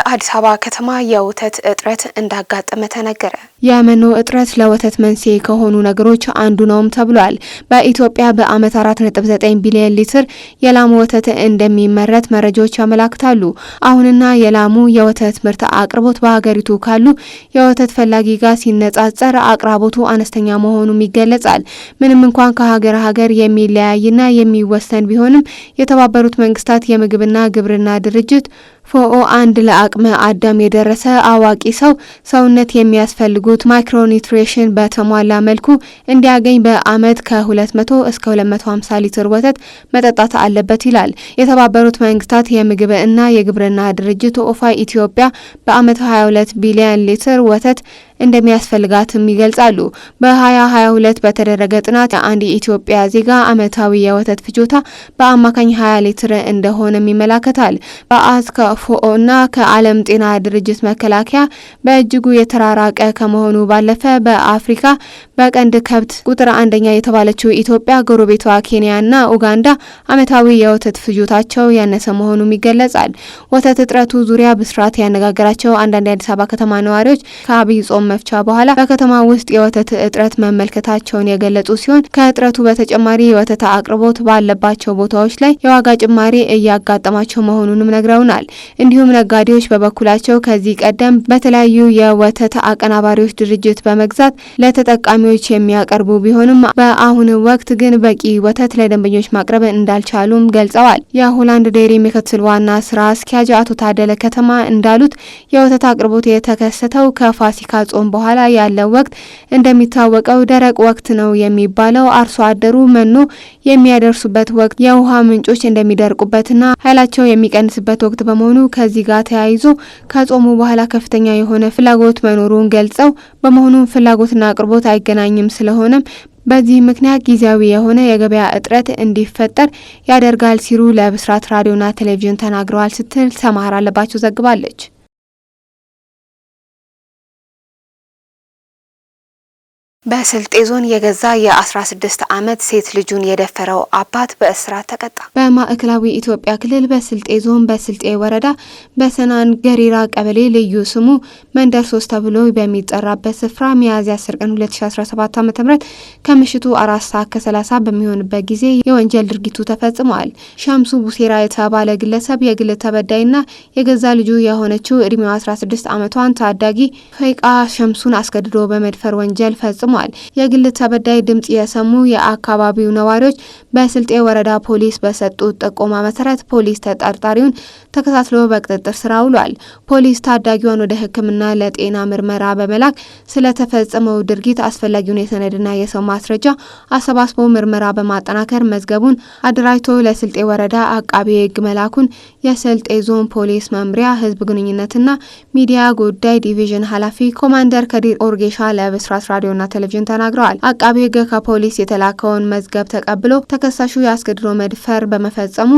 በአዲስ አበባ ከተማ የወተት እጥረት እንዳጋጠመ ተነገረ። የመኖ እጥረት ለወተት መንስኤ ከሆኑ ነገሮች አንዱ ነውም ተብሏል። በኢትዮጵያ በአመት 4.9 ቢሊዮን ሊትር የላም ወተት እንደሚመረት መረጃዎች ያመላክታሉ። አሁንና የላሙ የወተት ምርት አቅርቦት በሀገሪቱ ካሉ የወተት ፈላጊ ጋር ሲነጻጸር አቅራቦቱ አነስተኛ መሆኑም ይገለጻል። ምንም እንኳን ከሀገር ሀገር የሚለያይና የሚወሰን ቢሆንም የተባበሩት መንግስታት የምግብና ግብርና ድርጅት ፎኦ አንድ ለአቅመ አዳም የደረሰ አዋቂ ሰው ሰውነት የሚያስፈልጉት ማይክሮኒትሪሽን በተሟላ መልኩ እንዲያገኝ በአመት ከ200 እስከ 250 ሊትር ወተት መጠጣት አለበት ይላል የተባበሩት መንግስታት የምግብ እና የግብርና ድርጅት ኦፋ ኢትዮጵያ በአመት 22 ቢሊዮን ሊትር ወተት እንደሚያስፈልጋትም ይገልጻሉ። በ2022 በተደረገ ጥናት አንድ የኢትዮጵያ ዜጋ አመታዊ የወተት ፍጆታ በአማካኝ 20 ሊትር እንደሆነም ይመላከታል። በአስከፎኦ እና ከዓለም ጤና ድርጅት መከላከያ በእጅጉ የተራራቀ ከመሆኑ ባለፈ በአፍሪካ በቀንድ ከብት ቁጥር አንደኛ የተባለችው ኢትዮጵያ፣ ጎረቤቷ እና ኡጋንዳ አመታዊ የወተት ፍጆታቸው ያነሰ መሆኑም ይገለጻል። ወተት እጥረቱ ዙሪያ ብስራት ያነጋገራቸው አንዳንድ የአዲስ አበባ ከተማ ነዋሪዎች ከአብይ ጾም መፍቻ በኋላ በከተማ ውስጥ የወተት እጥረት መመልከታቸውን የገለጹ ሲሆን ከእጥረቱ በተጨማሪ የወተት አቅርቦት ባለባቸው ቦታዎች ላይ የዋጋ ጭማሪ እያጋጠማቸው መሆኑንም ነግረውናል። እንዲሁም ነጋዴዎች በበኩላቸው ከዚህ ቀደም በተለያዩ የወተት አቀናባሪዎች ድርጅት በመግዛት ለተጠቃሚዎች የሚያቀርቡ ቢሆንም በአሁን ወቅት ግን በቂ ወተት ለደንበኞች ማቅረብ እንዳልቻሉም ገልጸዋል። የሆላንድ ዴሪ ምክትል ዋና ስራ አስኪያጅ አቶ ታደለ ከተማ እንዳሉት የወተት አቅርቦት የተከሰተው ከፋሲካ ከጾም በኋላ ያለው ወቅት እንደሚታወቀው ደረቅ ወቅት ነው የሚባለው። አርሶ አደሩ መኖ የሚያደርሱበት ወቅት፣ የውሃ ምንጮች እንደሚደርቁበትና ኃይላቸው የሚቀንስበት ወቅት በመሆኑ ከዚህ ጋር ተያይዞ ከጾሙ በኋላ ከፍተኛ የሆነ ፍላጎት መኖሩን ገልጸው በመሆኑም ፍላጎትና አቅርቦት አይገናኝም ስለሆነም በዚህ ምክንያት ጊዜያዊ የሆነ የገበያ እጥረት እንዲፈጠር ያደርጋል ሲሉ ለብስራት ራዲዮና ቴሌቪዥን ተናግረዋል ስትል ሰማራ አለባቸው ዘግባለች። በስልጤ ዞን የገዛ የ16 ዓመት ሴት ልጁን የደፈረው አባት በእስራት ተቀጣ። በማዕከላዊ ኢትዮጵያ ክልል በስልጤ ዞን በስልጤ ወረዳ በሰናን ገሪራ ቀበሌ ልዩ ስሙ መንደር ሶስት ተብሎ በሚጠራበት ስፍራ ሚያዝያ 10 ቀን 2017 ዓ.ም ከምሽቱ አራት ሰዓት ከ30 በሚሆንበት ጊዜ የወንጀል ድርጊቱ ተፈጽሟል። ሻምሱ ቡሴራ የተባለ ግለሰብ የግል ተበዳይና የገዛ ልጁ የሆነችው ዕድሜዋ 16 ዓመቷን ታዳጊ ፈይቃ ሸምሱን አስገድዶ በመድፈር ወንጀል ፈጽሞ ተጠቅሟል። የግል ተበዳይ ድምጽ የሰሙ የአካባቢው ነዋሪዎች በስልጤ ወረዳ ፖሊስ በሰጡት ጥቆማ መሰረት ፖሊስ ተጠርጣሪውን ተከታትሎ በቁጥጥር ስር አውሏል። ፖሊስ ታዳጊዋን ወደ ሕክምና ለጤና ምርመራ በመላክ ስለተፈጸመው ድርጊት አስፈላጊውን የሰነድና የሰው ማስረጃ አሰባስቦ ምርመራ በማጠናከር መዝገቡን አደራጅቶ ለስልጤ ወረዳ አቃቢ ሕግ መላኩን የስልጤ ዞን ፖሊስ መምሪያ ሕዝብ ግንኙነትና ሚዲያ ጉዳይ ዲቪዥን ኃላፊ ኮማንደር ከዲር ኦርጌሻ ለብስራት ራዲዮና ቴሌቪዥን ተናግረዋል። አቃቢ ህገ ከፖሊስ የተላከውን መዝገብ ተቀብሎ ተከሳሹ የአስገድዶ መድፈር በመፈጸሙ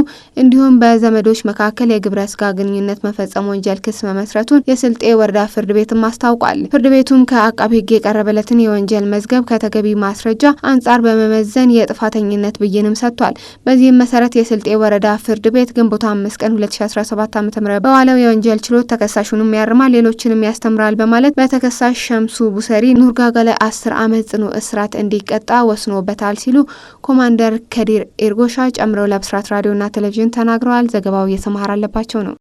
እንዲሁም በዘመዶች መካከል የግብረ ስጋ ግንኙነት መፈጸም ወንጀል ክስ መመስረቱን የስልጤ ወረዳ ፍርድ ቤትም አስታውቋል። ፍርድ ቤቱም ከአቃቢ ህግ የቀረበለትን የወንጀል መዝገብ ከተገቢ ማስረጃ አንጻር በመመዘን የጥፋተኝነት ብይንም ሰጥቷል። በዚህም መሰረት የስልጤ ወረዳ ፍርድ ቤት ግንቦት አምስት ቀን 2017 ዓ ም በዋለው የወንጀል ችሎት ተከሳሹንም ያርማል፣ ሌሎችንም ያስተምራል በማለት በተከሳሽ ሸምሱ ቡሰሪ ኑርጋገለ አስር አስር ዓመት ጽኑ እስራት እንዲቀጣ ወስኖበታል ሲሉ ኮማንደር ከዲር ኤርጎሻ ጨምረው ለብስራት ራዲዮና ቴሌቪዥን ተናግረዋል። ዘገባው የሰምሃር አለባቸው ነው።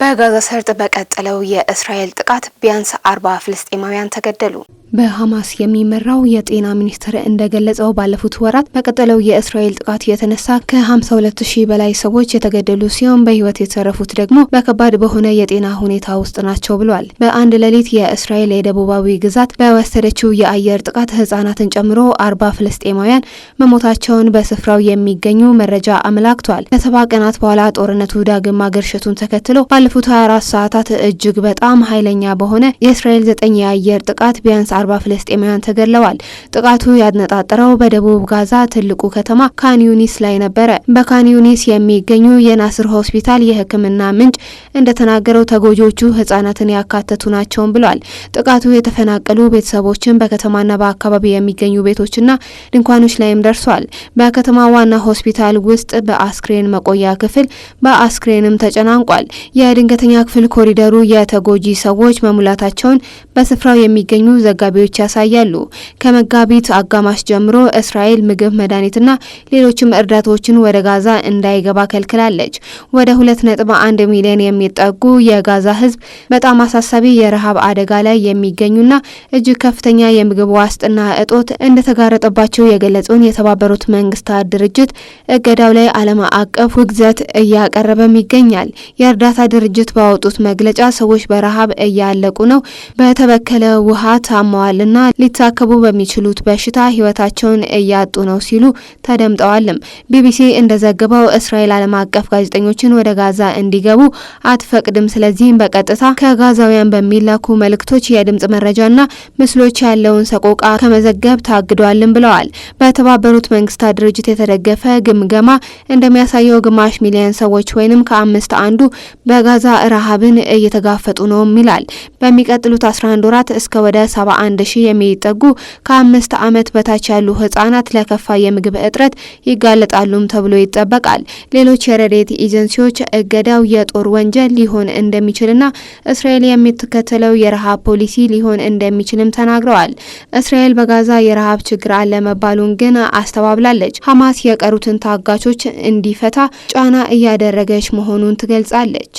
በጋዛ ሰርጥ በቀጠለው የእስራኤል ጥቃት ቢያንስ አርባ ፍልስጤማውያን ተገደሉ። በሐማስ የሚመራው የጤና ሚኒስቴር እንደገለጸው ባለፉት ወራት በቀጠለው የእስራኤል ጥቃት የተነሳ ከ52 ሺህ በላይ ሰዎች የተገደሉ ሲሆን በህይወት የተረፉት ደግሞ በከባድ በሆነ የጤና ሁኔታ ውስጥ ናቸው ብሏል። በአንድ ሌሊት የእስራኤል የደቡባዊ ግዛት በወሰደችው የአየር ጥቃት ህጻናትን ጨምሮ አርባ ፍልስጤማውያን መሞታቸውን በስፍራው የሚገኙ መረጃ አመላክቷል። ከሰባ ቀናት በኋላ ጦርነቱ ዳግም ማገርሸቱን ተከትሎ ባለፉት 24 ሰዓታት እጅግ በጣም ኃይለኛ በሆነ የእስራኤል ዘጠኝ የአየር ጥቃት ቢያንስ አርባ ፍልስጤማውያን ተገድለዋል። ጥቃቱ ያነጣጠረው በደቡብ ጋዛ ትልቁ ከተማ ካንዩኒስ ላይ ነበረ። በካንዩኒስ የሚገኙ የናስር ሆስፒታል የሕክምና ምንጭ እንደተናገረው ተጎጂዎቹ ህጻናትን ያካተቱ ናቸውም ብሏል። ጥቃቱ የተፈናቀሉ ቤተሰቦችን በከተማና በአካባቢ የሚገኙ ቤቶችና ድንኳኖች ላይም ደርሷል። በከተማ ዋና ሆስፒታል ውስጥ በአስክሬን መቆያ ክፍል በአስክሬንም ተጨናንቋል። የድንገተኛ ክፍል ኮሪደሩ የተጎጂ ሰዎች መሙላታቸውን በስፍራው የሚገኙ ዘጋ ዘጋቢዎች ያሳያሉ። ከመጋቢት አጋማሽ ጀምሮ እስራኤል ምግብ፣ መድኃኒትና ሌሎችም እርዳታዎችን ወደ ጋዛ እንዳይገባ ከልክላለች። ወደ 2.1 ሚሊዮን የሚጠጉ የጋዛ ሕዝብ በጣም አሳሳቢ የረሃብ አደጋ ላይ የሚገኙና እጅግ ከፍተኛ የምግብ ዋስጥና እጦት እንደተጋረጠባቸው የገለጸውን የተባበሩት መንግስታት ድርጅት እገዳው ላይ ዓለም አቀፍ ውግዘት እያቀረበም ይገኛል። የእርዳታ ድርጅት ባወጡት መግለጫ ሰዎች በረሃብ እያለቁ ነው፣ በተበከለ ውሃ ታሟ እና ሊታከቡ በሚችሉት በሽታ ህይወታቸውን እያጡ ነው ሲሉ ተደምጠዋልም። ቢቢሲ እንደዘገበው እስራኤል ዓለም አቀፍ ጋዜጠኞችን ወደ ጋዛ እንዲገቡ አትፈቅድም። ስለዚህም በቀጥታ ከጋዛውያን በሚላኩ መልእክቶች የድምጽ መረጃና ምስሎች ያለውን ሰቆቃ ከመዘገብ ታግዷልም ብለዋል። በተባበሩት መንግስታት ድርጅት የተደገፈ ግምገማ እንደሚያሳየው ግማሽ ሚሊዮን ሰዎች ወይንም ከአምስት አንዱ በጋዛ ረሃብን እየተጋፈጡ ነውም ይላል። በሚቀጥሉት 11 ወራት እስከ ወደ 71 አንድ ሺህ የሚጠጉ ከአምስት ዓመት በታች ያሉ ህጻናት ለከፋ የምግብ እጥረት ይጋለጣሉም ተብሎ ይጠበቃል። ሌሎች የረድኤት ኤጀንሲዎች እገዳው የጦር ወንጀል ሊሆን እንደሚችልና እስራኤል የምትከተለው የረሃብ ፖሊሲ ሊሆን እንደሚችልም ተናግረዋል። እስራኤል በጋዛ የረሃብ ችግር አለ ግን አስተባብላለች። ሐማስ የቀሩትን ታጋቾች እንዲፈታ ጫና እያደረገች መሆኑን ትገልጻለች።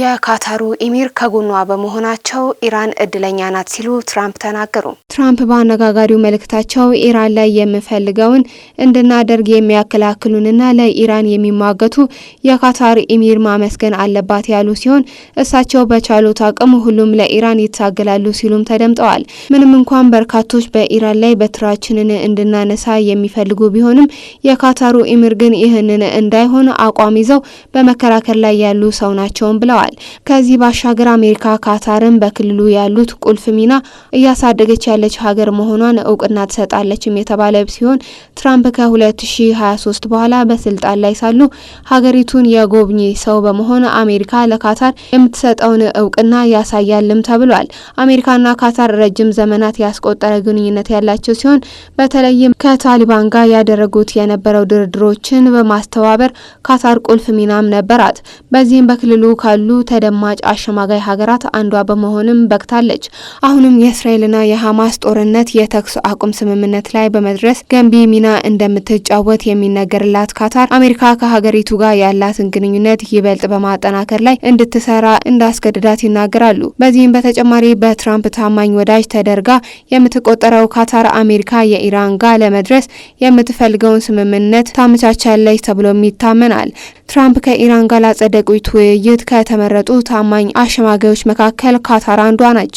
የካታሩ ኢሚር ከጎኗ በመሆናቸው ኢራን እድለኛ ናት ሲሉ ትራምፕ ተናገሩ። ትራምፕ በአነጋጋሪው መልእክታቸው ኢራን ላይ የምፈልገውን እንድናደርግ የሚያከላክሉንና ለኢራን የሚሟገቱ የካታር ኢሚር ማመስገን አለባት ያሉ ሲሆን እሳቸው በቻሉት አቅም ሁሉም ለኢራን ይታገላሉ ሲሉም ተደምጠዋል። ምንም እንኳን በርካቶች በኢራን ላይ በትራችንን እንድናነሳ የሚፈልጉ ቢሆንም የካታሩ ኢሚር ግን ይህንን እንዳይሆን አቋም ይዘው በመከራከር ላይ ያሉ ሰው ናቸውም ብለዋል። አስታውቀዋል። ከዚህ ባሻገር አሜሪካ ካታርን በክልሉ ያሉት ቁልፍ ሚና እያሳደገች ያለች ሀገር መሆኗን እውቅና ትሰጣለችም የተባለ ሲሆን ትራምፕ ከ2023 በኋላ በስልጣን ላይ ሳሉ ሀገሪቱን የጎብኚ ሰው በመሆን አሜሪካ ለካታር የምትሰጠውን እውቅና ያሳያልም ተብሏል። አሜሪካና ካታር ረጅም ዘመናት ያስቆጠረ ግንኙነት ያላቸው ሲሆን በተለይም ከታሊባን ጋር ያደረጉት የነበረው ድርድሮችን በማስተባበር ካታር ቁልፍ ሚናም ነበራት። በዚህም በክልሉ ካሉ ተደማጭ አሸማጋይ ሀገራት አንዷ በመሆንም በክታለች። አሁንም የእስራኤልና የሐማስ ጦርነት የተኩስ አቁም ስምምነት ላይ በመድረስ ገንቢ ሚና እንደምትጫወት የሚነገርላት ካታር አሜሪካ ከሀገሪቱ ጋር ያላትን ግንኙነት ይበልጥ በማጠናከር ላይ እንድትሰራ እንዳስገድዳት ይናገራሉ። በዚህም በተጨማሪ በትራምፕ ታማኝ ወዳጅ ተደርጋ የምትቆጠረው ካታር አሜሪካ የኢራን ጋር ለመድረስ የምትፈልገውን ስምምነት ታመቻቻለች ተብሎም ይታመናል። ትራምፕ ከኢራን ጋር ላጸደቁት ውይይት ከተመ ከተመረጡ ታማኝ አሸማጋዮች መካከል ካታር አንዷ ነች።